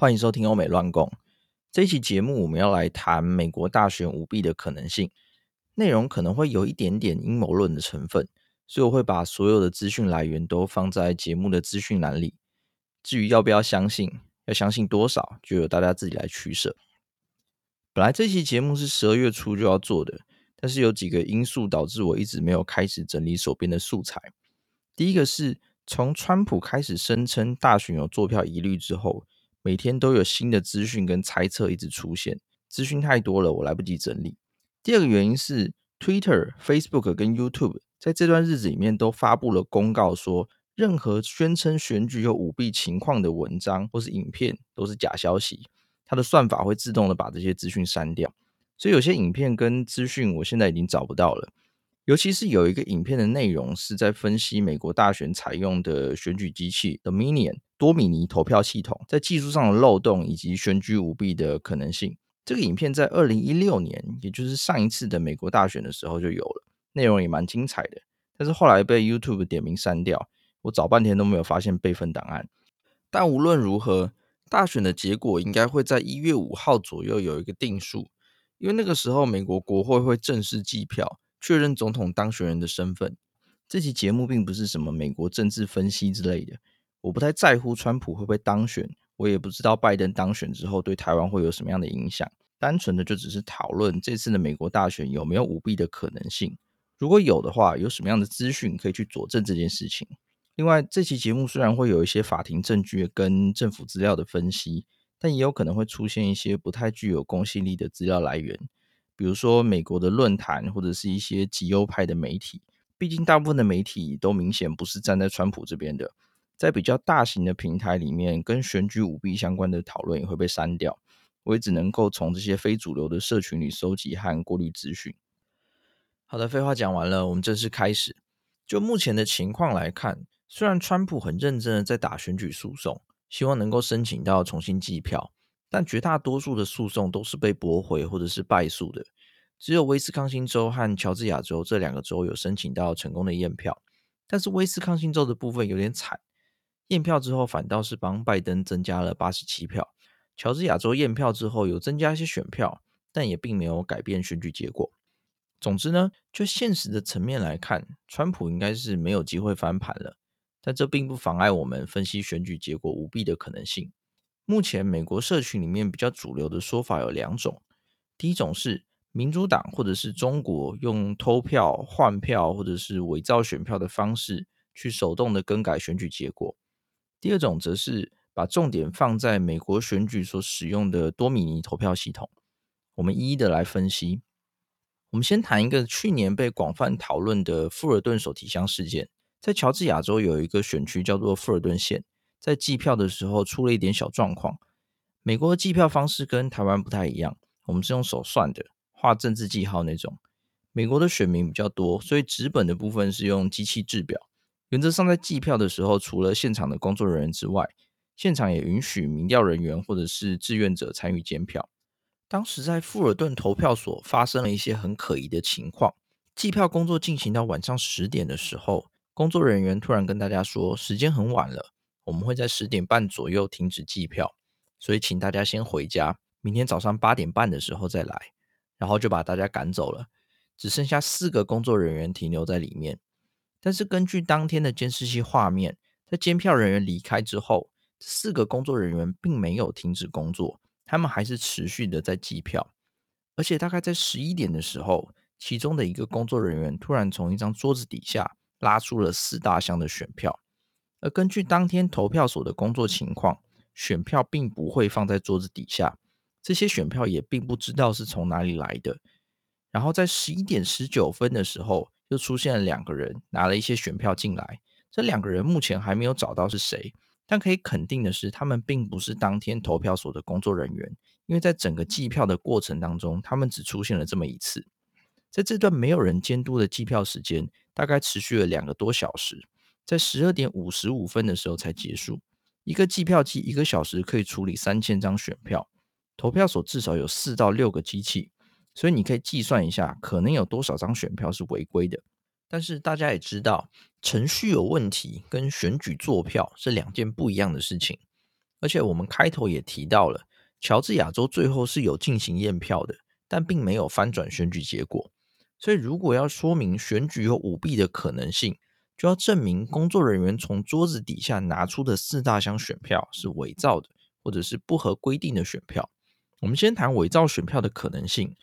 歡迎收聽《歐美亂共》這期節目，我們要來談美國大選舞弊的可能性。內容可能會有一點點陰謀論的成分，所以我會把所有的資訊來源都放在節目的資訊欄裡。至於要不要相信，要相信多少，就由大家自己來取捨。本來這期節目是十二月初就要做的，但是有幾個因素導致我一直沒有開始整理手邊的素材。第一個是從川普開始聲稱大選有作票疑慮之後。每天都有新的資訊跟猜測一直出現，資訊太多了，我來不及整理。第二個原因是，Twitter、Facebook 跟 YouTube 在這段日子裡面都發布了公告說，說任何宣稱選舉有舞弊情況的文章或是影片都是假消息，它的算法會自動的把這些資訊刪掉，所以有些影片跟資訊我現在已經找不到了。尤其是有一個影片的內容是在分析美國大選採用的選舉機器 Dominion 多米尼投票系統在技術上的漏洞以及選舉舞弊的可能性。這個影片在二零一六年，也就是上一次的美國大選的時候就有了，內容也蠻精彩的。但是後來被 YouTube 點名刪掉，我找半天都沒有發現備份檔案。但無論如何，大選的結果應該會在一月五號左右有一個定數，因為那個時候美國國會會正式計票。確認總統當選人的身份。這期節目並不是什麼美國政治分析之類的。我不太在乎川普會不會當選，我也不知道拜登當選之後對台灣會有什麼樣的影響。單純的就只是討論這次的美國大選有沒有舞弊的可能性。如果有的話，有什麼樣的資訊可以去佐證這件事情。另外，這期節目雖然會有一些法庭證據跟政府資料的分析，但也有可能會出現一些不太具有公信力的資料來源。比如說美國的論壇或者是一些極右派的媒體，畢竟大部分的媒體都明顯不是站在川普這邊的。在比較大型的平台裡面，跟選舉舞弊相關的討論也會被刪掉。我也只能夠從這些非主流的社群裡收集和過濾資訊。好的，廢話講完了，我們正式開始。就目前的情況來看，雖然川普很認真的在打選舉訴訟，希望能夠申請到重新計票。但絕大多數的訴訟都是被駁回或者是敗訴的，只有威斯康星州和喬治亞州這兩個州有申請到成功的驗票。但是威斯康星州的部分有點慘，驗票之後反倒是幫拜登增加了八十七票。喬治亞州驗票之後有增加一些選票，但也並沒有改變選舉結果。總之呢，就現實的層面來看，川普應該是沒有機會翻盤了。但這並不妨礙我們分析選舉結果舞弊的可能性。目前美國社群裡面比較主流的說法有兩種，第一種是民主黨或者是中國用偷票、換票或者是偽造選票的方式去手動的更改選舉結果；第二種則是把重點放在美國選舉所使用的多米尼投票系統。我們一一的來分析。我們先談一個去年被廣泛討論的富爾頓手提箱事件，在喬治亞州有一個選區叫做富爾頓縣。在計票的時候出了一點小狀況。美國的計票方式跟台灣不太一樣，我們是用手算的，畫正字記號那種。美國的選民比較多，所以紙本的部分是用機器制表。原則上，在計票的時候，除了現場的工作人員之外，現場也允許民調人員或者是志願者參與監票。當時在富爾頓投票所發生了一些很可疑的情況。計票工作進行到晚上十點的時候，工作人員突然跟大家說，時間很晚了。我們會在十點半左右停止計票，所以請大家先回家。明天早上八點半的時候再來，然後就把大家趕走了，只剩下四個工作人員停留在裡面。但是根據當天的監視器畫面，在監票人員離開之後，四個工作人員並沒有停止工作，他們還是持續的在計票。而且大概在十一點的時候，其中的一個工作人員突然從一張桌子底下拉出了四大箱的選票。而根據當天投票所的工作情況，選票並不會放在桌子底下，這些選票也並不知道是從哪裡來的。然後在十一點十九分的時候，又出現了兩個人拿了一些選票進來，這兩個人目前還沒有找到是誰，但可以肯定的是，他們並不是當天投票所的工作人員，因為在整個計票的過程當中，他們只出現了這麼一次。在這段沒有人監督的計票時間，大概持續了兩個多小時。在十二點五十五分的時候才結束。一個計票機一個小時可以處理三千張選票，投票所至少有四到六個機器，所以你可以計算一下，可能有多少張選票是違規的。但是大家也知道，程序有問題跟選舉作票是兩件不一樣的事情。而且我們開頭也提到了，喬治亞州最後是有進行驗票的，但並沒有翻轉選舉結果。所以如果要說明選舉有舞弊的可能性，就要證明工作人員從桌子底下拿出的四大箱選票是偽造的，或者是不合規定的選票。我們先談偽造選票的可能性。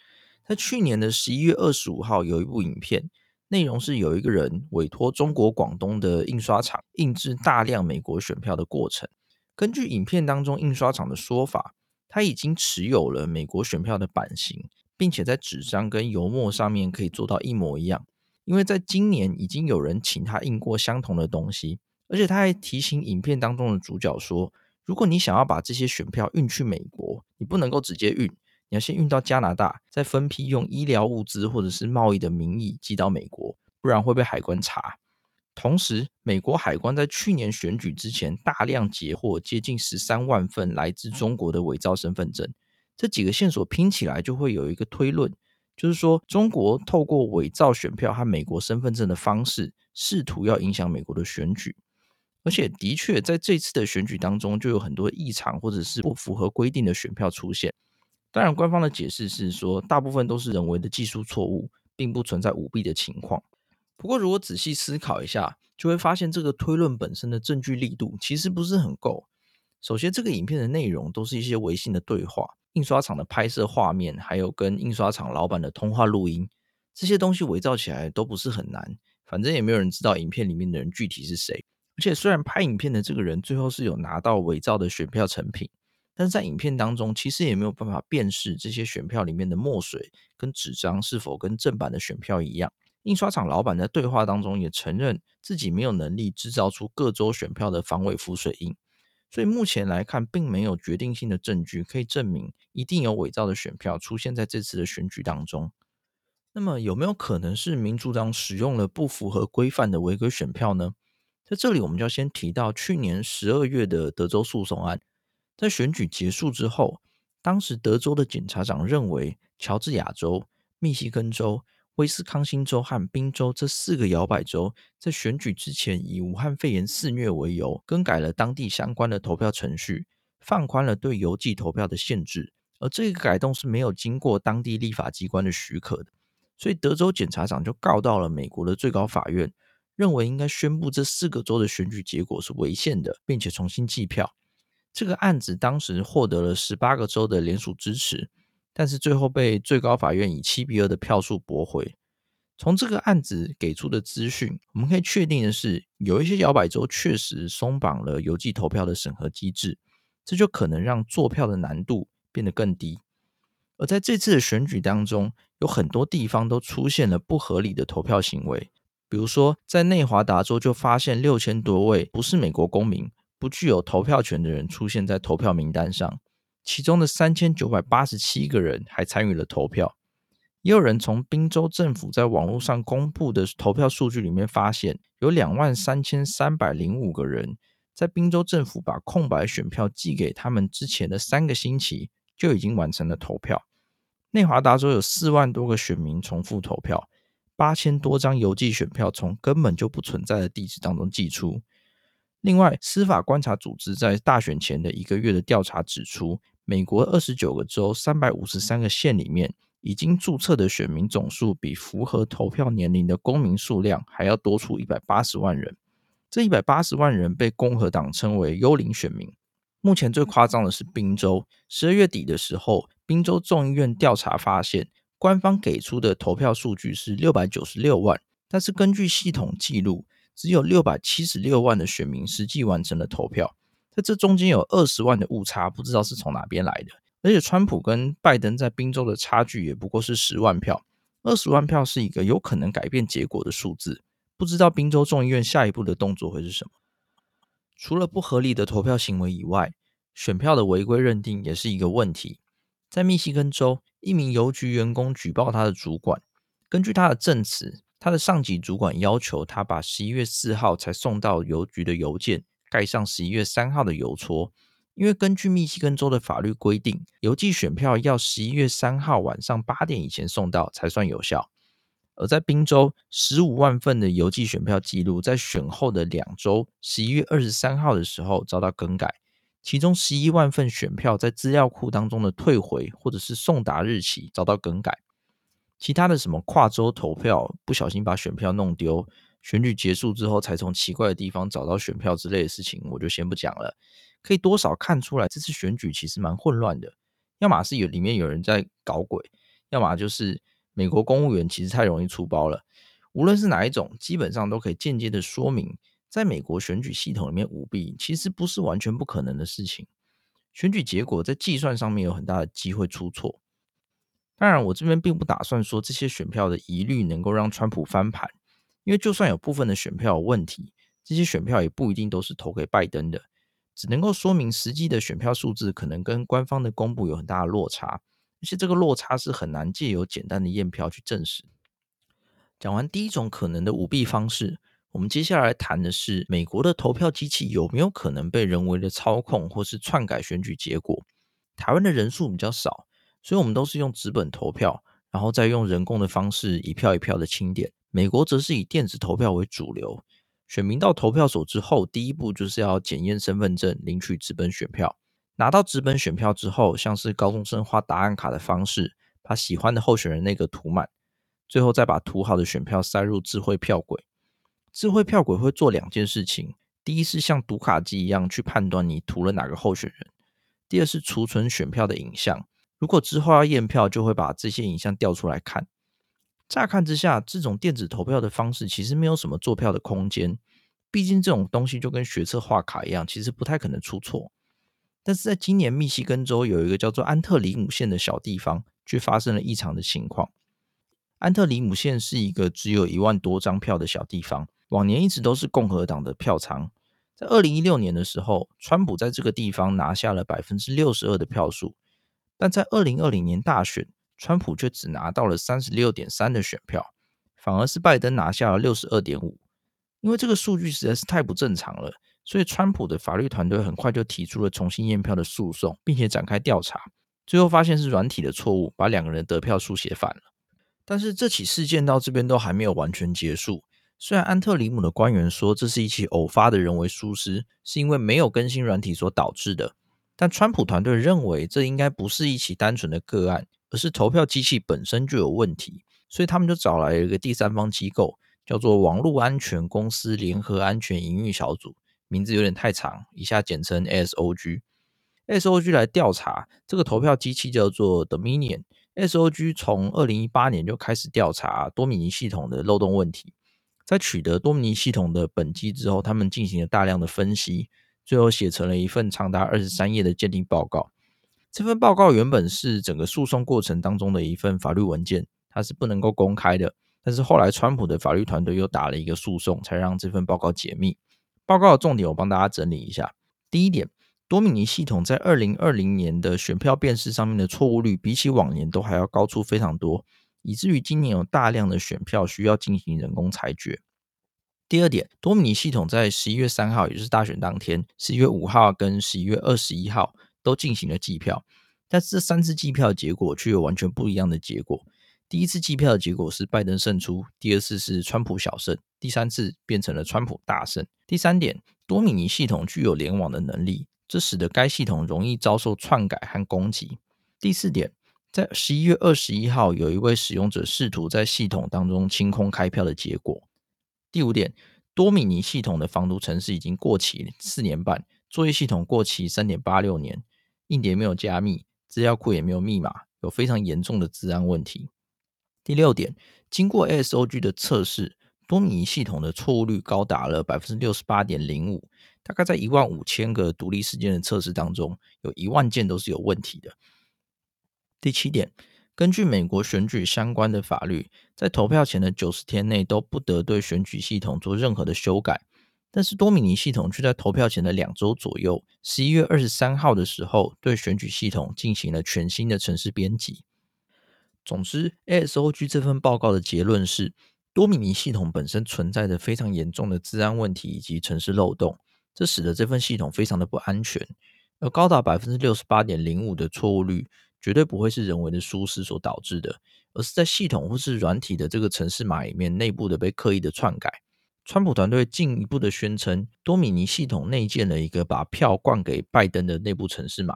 在去年的十一月二十五號，有一部影片，內容是有一個人委托中國廣東的印刷廠印制大量美國選票的過程。根據影片當中印刷廠的說法，他已經持有了美國選票的版型，並且在紙張跟油墨上面可以做到一模一樣。因為在今年已經有人請他印過相同的東西，而且他還提醒影片當中的主角說，如果你想要把這些選票運去美國，你不能夠直接運，你要先運到加拿大，再分批用醫療物資或者是貿易的名義寄到美國，不然會被海關查。同時，美國海關在去年選舉之前大量截獲接近十三萬份來自中國的偽造身份證，這幾個線索拼起來就會有一個推論。就是說，中國透過偽造選票和美國身份證的方式，試圖要影響美國的選舉。而且，的確在這次的選舉當中，就有很多異常或者是不符合規定的選票出現。當然，官方的解釋是說，大部分都是人為的技術錯誤，並不存在舞弊的情況。不過，如果仔細思考一下，就會發現這個推論本身的證據力度其實不是很夠。首先，這個影片的內容都是一些微信的對話。印刷廠的拍攝畫面，還有跟印刷廠老板的通話錄音，這些東西偽造起來都不是很難。反正也沒有人知道影片裡面的人具體是誰。而且雖然拍影片的這個人最後是有拿到偽造的選票成品，但是在影片當中其實也沒有辦法辨識這些選票裡面的墨水跟紙張是否跟正版的選票一樣。印刷廠老板在對話當中也承認自己沒有能力製造出各州選票的防偽浮水印。所以目前來看，並沒有決定性的證據可以證明一定有偽造的選票出現在這次的選舉當中。那麼，有沒有可能是民主黨使用了不符合規範的違規選票呢？在這裡，我們就要先提到去年十二月的德州訴訟案。在選舉結束之後，當時德州的檢察長認為，喬治亞州、密西根州、威斯康星州和賓州這四個搖擺州在選舉之前，以武漢肺炎肆虐為由，更改了當地相關的投票程序，放寬了對郵寄投票的限制。而這個改動是沒有經過當地立法機關的許可的，所以德州檢察長就告到了美國的最高法院，認為應該宣布這四個州的選舉結果是違憲的，並且重新計票。這個案子當時獲得了十八個州的聯署支持。但是最後被最高法院以七比二的票數駁回。從這個案子給出的資訊，我們可以確定的是，有一些搖擺州確實鬆綁了郵寄投票的審核機制，這就可能讓作票的難度變得更低。而在這次的選舉當中，有很多地方都出現了不合理的投票行為，比如說在內華達州就發現六千多位不是美國公民、不具有投票權的人出現在投票名單上。其中的三千九百八十七個人還參與了投票，也有人從賓州政府在網絡上公布的投票數據裡面發現，有兩萬三千三百零五個人在賓州政府把空白選票寄給他們之前的三個星期就已經完成了投票。內華達州有四萬多個選民重複投票，八千多張郵寄選票從根本就不存在的地址當中寄出。另外，司法觀察組織在大選前的一個月的調查指出。美國二十九個州三百五十三個縣裡面，已經註冊的選民總數比符合投票年齡的公民數量還要多出一百八十萬人。這一百八十萬人被共和黨稱為“幽靈選民”。目前最誇張的是賓州，十二月底的時候，賓州眾議院調查發現，官方給出的投票數據是六百九十六萬，但是根據系統記錄，只有六百七十六萬的選民實際完成了投票。在這中間有二十萬的誤差，不知道是從哪邊來的。而且，川普跟拜登在賓州的差距也不過是十萬票，二十萬票是一個有可能改變結果的數字。不知道賓州眾議院下一步的動作會是什麼？除了不合理的投票行為以外，選票的違規認定也是一個問題。在密西根州，一名郵局員工舉報他的主管，根據他的證詞，他的上級主管要求他把十一月四號才送到郵局的郵件。蓋上十一月三號的郵戳，因為根據密西根州的法律規定，郵寄選票要十一月三號晚上八點以前送到才算有效。而在賓州，十五萬份的郵寄選票記錄在選後的兩週，十一月二十三號的時候遭到更改，其中十一萬份選票在資料庫當中的退回或者是送達日期遭到更改，其他的什麼跨州投票不小心把選票弄丟。選舉結束之後，才從奇怪的地方找到選票之類的事情，我就先不講了。可以多少看出來，這次選舉其實蠻混亂的，要麼是有裡面有人在搞鬼，要麼就是美國公務員其實太容易出包了。無論是哪一種，基本上都可以間接的說明，在美國選舉系統裡面舞弊其實不是完全不可能的事情。選舉結果在計算上面有很大的機會出錯。當然，我這邊並不打算說這些選票的疑慮能夠讓川普翻盤。因為就算有部分的選票有問題，這些選票也不一定都是投給拜登的，只能夠說明實際的選票數字可能跟官方的公布有很大的落差，而且這個落差是很難藉由簡單的驗票去證實。講完第一種可能的舞弊方式，我們接下來談的是美國的投票機器有沒有可能被人為的操控或是篡改選舉結果？台灣的人數比較少，所以我們都是用紙本投票，然後再用人工的方式一票一票的清點。美國則是以電子投票為主流，選民到投票所之後，第一步就是要檢驗身份證，領取紙本選票。拿到紙本選票之後，像是高中生畫答案卡的方式，把喜歡的候選人那個塗滿，最後再把塗好的選票塞入智慧票匭。智慧票匭會做兩件事情：第一是像讀卡機一樣去判斷你塗了哪個候選人；第二是儲存選票的影像。如果之後要驗票，就會把這些影像調出來看。乍看之下，這種電子投票的方式其實沒有什麼作票的空間畢竟這種東西就跟學測畫卡一樣，其實不太可能出錯。但是，在今年密西根州有一個叫做安特里姆縣的小地方，卻發生了異常的情況。安特里姆縣是一個只有一萬多張票的小地方，往年一直都是共和黨的票倉。在二零一六年的時候，川普在這個地方拿下了百分之六十二的票數，但在二零二零年大選，川普卻只拿到了三十六點三的選票，反而是拜登拿下了六十二點五。因為這個數據實在是太不正常了，所以川普的法律團隊很快就提出了重新驗票的訴訟，並且展開調查。最後發現是軟體的錯誤，把兩個人得票數寫反了。但是這起事件到這邊都還沒有完全結束。雖然安特里姆的官員說這是一起偶發的人為疏失，是因為沒有更新軟體所導致的，但川普團隊認為這應該不是一起單純的個案，而是投票機器本身就有問題，所以他們就找來了一個第三方機構，叫做網絡安全公司聯合安全營運小組，名字有點太長，以下簡稱 ASOG。ASOG 來調查這個投票機器，叫做 Dominion。ASOG 從二零一八年就開始調查多米尼系統的漏洞問題，在取得多米尼系統的本機之後，他們進行了大量的分析，最後寫成了一份長達二十三頁的鑑定報告。這份報告原本是整個訴訟過程當中的一份法律文件，它是不能夠公開的。但是後來，川普的法律團隊又打了一個訴訟，才讓這份報告解密。報告的重點，我幫大家整理一下：第一點，多米尼系統在二零二零年的選票辨識上面的錯誤率，比起往年都還要高出非常多，以至於今年有大量的選票需要進行人工裁決。第二點，多米尼系統在十一月三號，也就是大選當天，十一月五號跟十一月二十一號，都進行了計票，但是這三次計票結果卻有完全不一樣的結果。第一次計票的結果是拜登勝出，第二次是川普小勝，第三次變成了川普大勝。第三點，多米尼系統具有聯網的能力，這使得該系統容易遭受篡改和攻擊。第四點，在十一月二十一號，有一位使用者試圖在系統當中清空開票的結果。第五點，多米尼系統的防毒程式已經過期四年半，作業系統過期三點八六年。硬碟沒有加密，資料庫也沒有密碼，有非常嚴重的治安問題。第六點，經過 ASOG 的測試，多米尼系統的錯誤率高達了百分之六十八點零五，大概在一萬五千個獨立事件的測試當中，有一萬件都是有問題的。第七點，根據美國選舉相關的法律，在投票前的九十天內都不得對選舉系統做任何的修改。但是多米尼系統卻在投票前的兩周左右，十一月二十三號的時候，對選舉系統進行了全新的程式編輯。總之，A S O G 這份報告的結論是，多米尼系統本身存在着非常嚴重的治安問題以及程式漏洞，這使得這份系統非常的不安全。而高達百分之六十八點零五的錯誤率，絕對不會是人為的疏失所導致的，而是在系統或是軟體的這個程式碼裡面內部的被刻意的篡改。川普團隊進一步的宣稱，多米尼系統內建了一個把票灌給拜登的內部程式碼。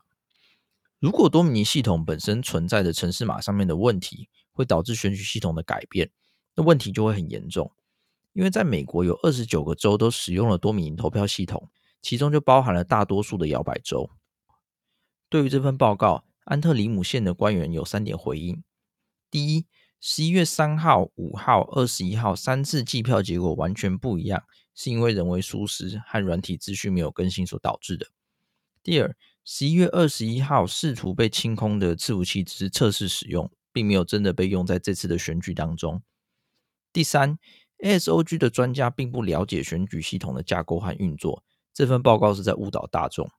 如果多米尼系統本身存在的程式碼上面的問題會導致選舉系統的改變，那問題就會很嚴重。因為在美國有二十九個州都使用了多米尼投票系統，其中就包含了大多數的搖擺州。對於這份報告，安特裡姆縣的官員有三點回應：第一，十一月三號、五號、二十一號三次計票結果完全不一樣，是因為人為疏失和軟體資訊沒有更新所導致的。第二，十一月二十一號試圖被清空的伺服器只是測試使用，並沒有真的被用在這次的選舉當中。第三，ASOG 的專家並不了解選舉系統的架構和運作，這份報告是在誤導大眾。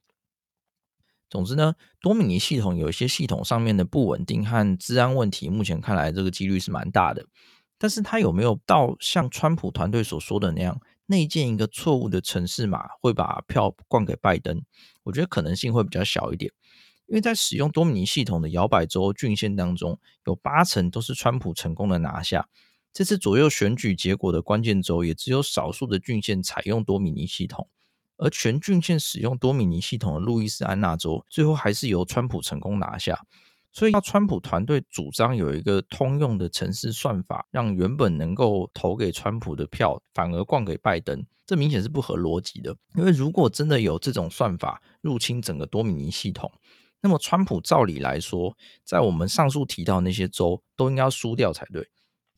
總之呢，多米尼系統有一些系統上面的不穩定和資安問題，目前看來這個幾率是蠻大的。但是它有沒有到像川普團隊所說的那樣，內建一個錯誤的程式碼，會把票灌給拜登？我覺得可能性會比較小一點，因為在使用多米尼系統的搖擺州郡縣當中，有八成都是川普成功的拿下。這次左右選舉結果的關鍵州，也只有少數的郡縣採用多米尼系統。而全郡縣使用多米尼系統的路易斯安那州，最後還是由川普成功拿下。所以，要川普團隊主張有一個通用的程式算法，讓原本能夠投給川普的票，反而灌給拜登，這明顯是不合邏輯的。因為如果真的有這種算法入侵整個多米尼系統，那麼川普照理來說，在我們上述提到那些州都應該輸掉才對。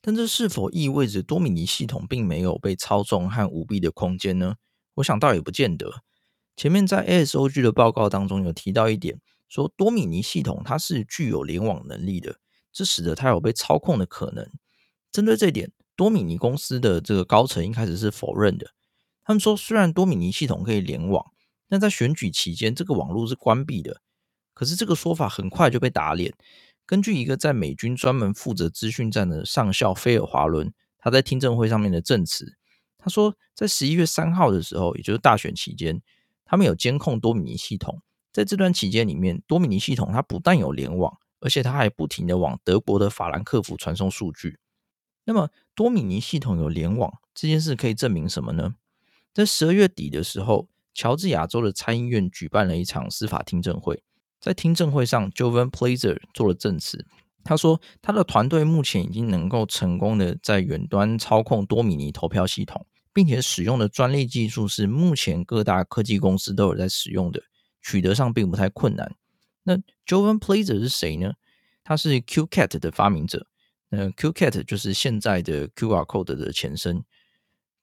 但這是否意味着多米尼系統並沒有被操縱和舞弊的空間呢？我想倒也不見得。前面在 ASOG 的報告當中有提到一點，說多米尼系統它是具有聯網能力的，這使得它有被操控的可能。針對這點，多米尼公司的這個高層一開始是否認的，他們說雖然多米尼系統可以聯網，但在選舉期間這個網絡是關閉的。可是這個說法很快就被打臉。根據一個在美軍專門負責資訊戰的上校菲爾·華倫他在聽證會上面的證詞。他說，在十一月三號的時候，也就是大選期間，他們有監控多米尼系統。在這段期間裡面，多米尼系統它不但有聯網，而且它還不停的往德國的法蘭克福傳送數據。那麼，多米尼系統有聯網這件事可以證明什麼呢？在十二月底的時候，喬治亞州的參議院舉辦了一場司法聽證會，在聽證會上，Jovan Pulitzer 做了證詞。他說，他的團隊目前已經能夠成功的在遠端操控多米尼投票系統。並且使用的專利技術是目前各大科技公司都有在使用的，取得上並不太困難。那 Jovan Pulitzer 是誰呢？他是 QCAT 的發明者。那 QCAT 就是現在的 QR code 的前身。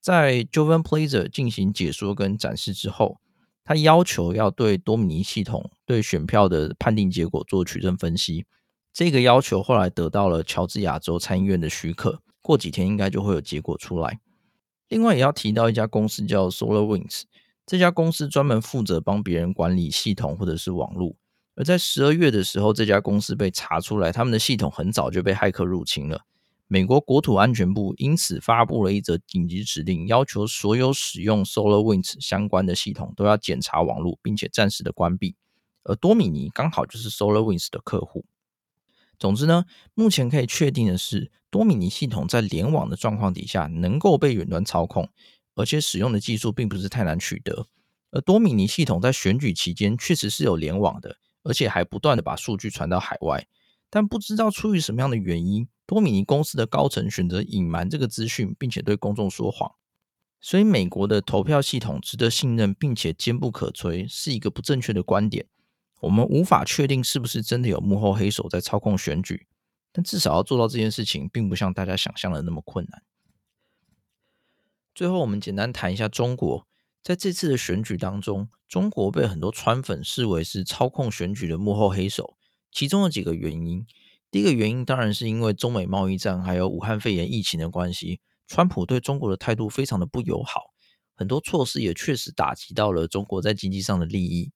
在 Jovan Pulitzer 進行解說跟展示之後，他要求要對多米尼系統對選票的判定結果做取證分析。這個要求後來得到了喬治亞州參議院的許可，過幾天應該就會有結果出來。另外也要提到一家公司叫 SolarWinds，這家公司專門負責幫別人管理系統或者是網絡。而在十二月的時候，這家公司被查出來，他們的系統很早就被駭客入侵了。美國國土安全部因此發布了一則緊急指令，要求所有使用 SolarWinds 相關的系統都要檢查網絡，並且暫時的關閉。而多米尼剛好就是 SolarWinds 的客戶。總之呢，目前可以確定的是，多米尼系統在聯網的狀況底下能夠被遠端操控，而且使用的技術並不是太難取得。而多米尼系統在選舉期間確實是有聯網的，而且還不斷的把數據傳到海外。但不知道出於什麼樣的原因，多米尼公司的高層選擇隱瞞這個資訊，並且對公眾說謊。所以，美國的投票系統值得信任並且堅不可摧，是一個不正確的觀點。我們無法確定是不是真的有幕後黑手在操控選舉，但至少要做到這件事情，並不像大家想象的那麼困難。最後，我們簡單談一下中國。在這次的選舉當中，中國被很多川粉視為是操控選舉的幕後黑手，其中有幾個原因。第一個原因當然是因為中美貿易戰還有武漢肺炎疫情的關係，川普對中國的態度非常的不友好，很多措施也確實打擊到了中國在經濟上的利益。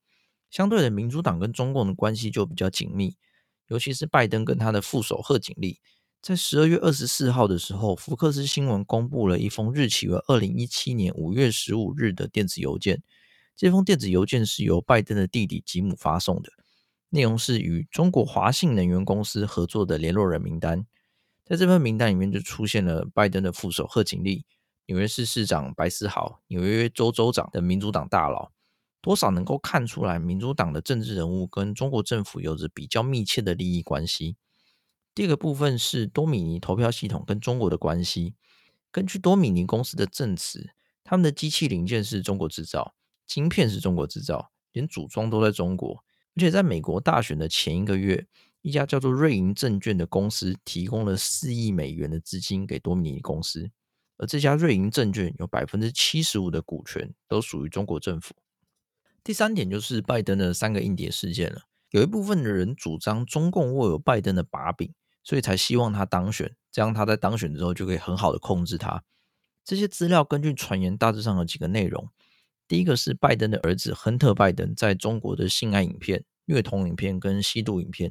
相對的，民主黨跟中共的關係就比較緊密，尤其是拜登跟他的副手賀錦麗。在十二月二十四號的時候，福克斯新聞公布了一封日期為二零一七年五月十五日的電子郵件。這封電子郵件是由拜登的弟弟吉姆發送的，內容是與中國華信能源公司合作的聯絡人名單。在這份名單裡面，就出現了拜登的副手賀錦麗、紐約市市長白思豪、紐約州州長等民主黨大佬。多少能夠看出來，民主黨的政治人物跟中國政府有着比較密切的利益關係。第二個部分是多米尼投票系統跟中國的關係。根據多米尼公司的證詞，他們的機器零件是中國製造，晶片是中國製造，連組裝都在中國。而且在美國大選的前一個月，一家叫做瑞銀證券的公司提供了四億美元的資金給多米尼公司，而這家瑞銀證券有百分之七十五的股權都屬於中國政府。第三點就是拜登的三個硬碟事件了。有一部分的人主張中共握有拜登的把柄，所以才希望他當選，這樣他在當選之後就可以很好的控制他。這些資料根據傳言大致上有幾個內容：第一個是拜登的兒子亨特·拜登在中國的性愛影片、虐童影片跟吸毒影片；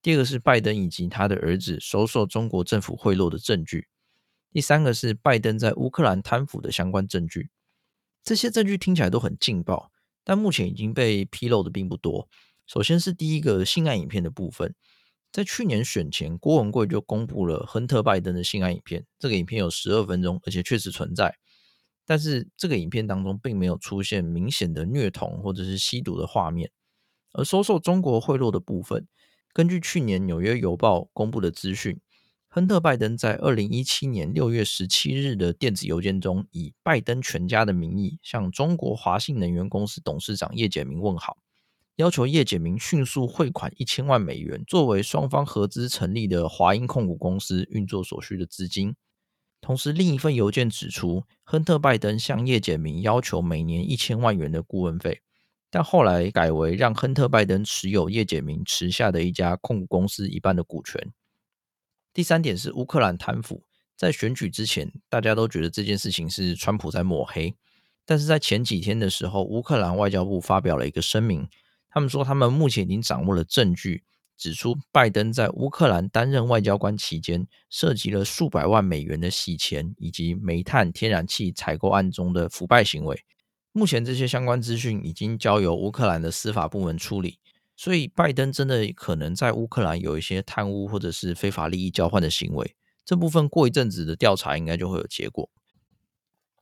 第二個是拜登以及他的兒子收受中國政府賄賂的證據；第三個是拜登在烏克蘭貪腐的相關證據。這些證據聽起來都很勁爆。但目前已經被披露的並不多。首先是第一個性愛影片的部分，在去年選前，郭文貴就公布了亨特拜登的性愛影片，這個影片有十二分鐘，而且確實存在。但是這個影片當中並沒有出現明顯的虐童或者是吸毒的畫面。而收受中國賄賂的部分，根據去年紐約郵報公布的資訊。亨特·拜登在二零一七年六月十七日的電子郵件中，以拜登全家的名義向中國華信能源公司董事長葉簡明問好，要求葉簡明迅速匯款一千萬美元，作為雙方合資成立的華英控股公司運作所需的資金。同時，另一份郵件指出，亨特·拜登向葉簡明要求每年一千萬元的顧問費，但後來改為讓亨特·拜登持有葉簡明旗下的一家控股公司一半的股權。第三點是烏克蘭貪腐，在選舉之前，大家都覺得這件事情是川普在抹黑，但是在前幾天的時候，烏克蘭外交部發表了一個聲明，他們說他們目前已經掌握了證據，指出拜登在烏克蘭擔任外交官期間，涉及了數百萬美元的洗錢以及煤炭、天然氣採購案中的腐敗行為。目前這些相關資訊已經交由烏克蘭的司法部門處理。所以，拜登真的可能在烏克蘭有一些貪污或者是非法利益交換的行為，這部分過一陣子的調查應該就會有結果。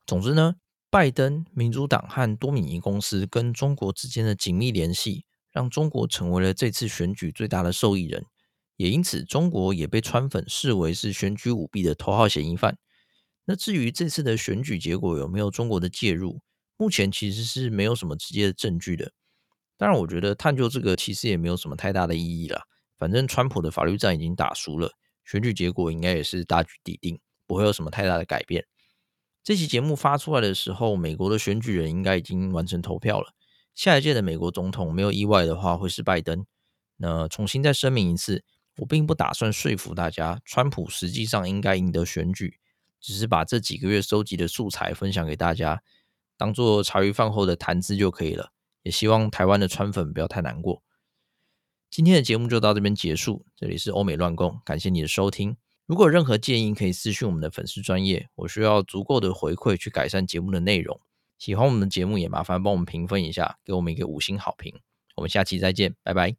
總之呢，拜登、民主黨和多米尼公司跟中國之間的緊密聯繫，讓中國成為了這次選舉最大的受益人，也因此，中國也被川粉視為是選舉舞弊的頭號嫌疑犯。那至於這次的選舉結果有沒有中國的介入，目前其實是沒有什麼直接的證據的。當然，我覺得探究這個其實也沒有什麼太大的意義了。反正川普的法律戰已經打輸了，選舉結果應該也是大局已定，不會有什麼太大的改變。這期節目發出來的時候，美國的選舉人應該已經完成投票了。下一屆的美國總統沒有意外的話，會是拜登。那重新再聲明一次，我並不打算說服大家，川普實際上應該贏得選舉，只是把這幾個月收集的素材分享給大家，當做茶餘飯後的談資就可以了。也希望台灣的川粉不要太難過。今天的節目就到這邊結束，這裡是歐美亂攻，感謝你的收聽。如果有任何建議，可以私訊我們的粉絲專頁。我需要足夠的回饋去改善節目的內容。喜歡我們的節目，也麻煩幫我們評分一下，給我們一個五星好評。我們下期再見，拜拜。